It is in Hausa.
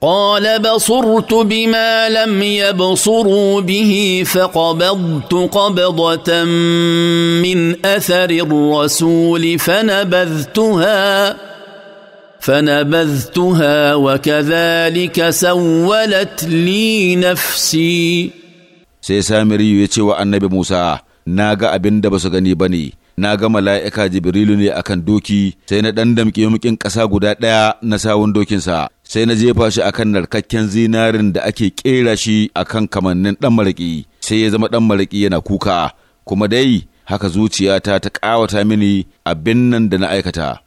قال بصرت بما لم يبصروا به فقبضت قبضه من اثر الرسول فنبذتها فنبذتها وكذلك سولت لي نفسي sai samiri ya ce wa annabi musa na ga abin da ba su gani ba ne na gama mala'ika jibrilu ne akan doki sai na ɗan damƙe ƙasa guda ɗaya na sawun dokinsa sai na jefa shi akan narkakken zinarin da ake kera shi akan kamannin ɗan maraƙi sai ya zama ɗan maraƙi yana kuka kuma dai haka zuciyata ta ƙawata mini abin nan da na aikata